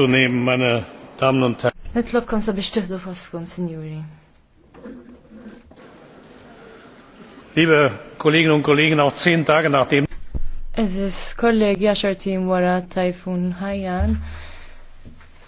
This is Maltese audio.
zu nehmen, meine Damen und Herren. Nitlobkom sabiex tieħdu foskom, signori. Liebe Kolleginnen und Kollegen, auch zehn Tage nachdem. Es ist Kollegi għaxartin wara Tajfun Hajjan.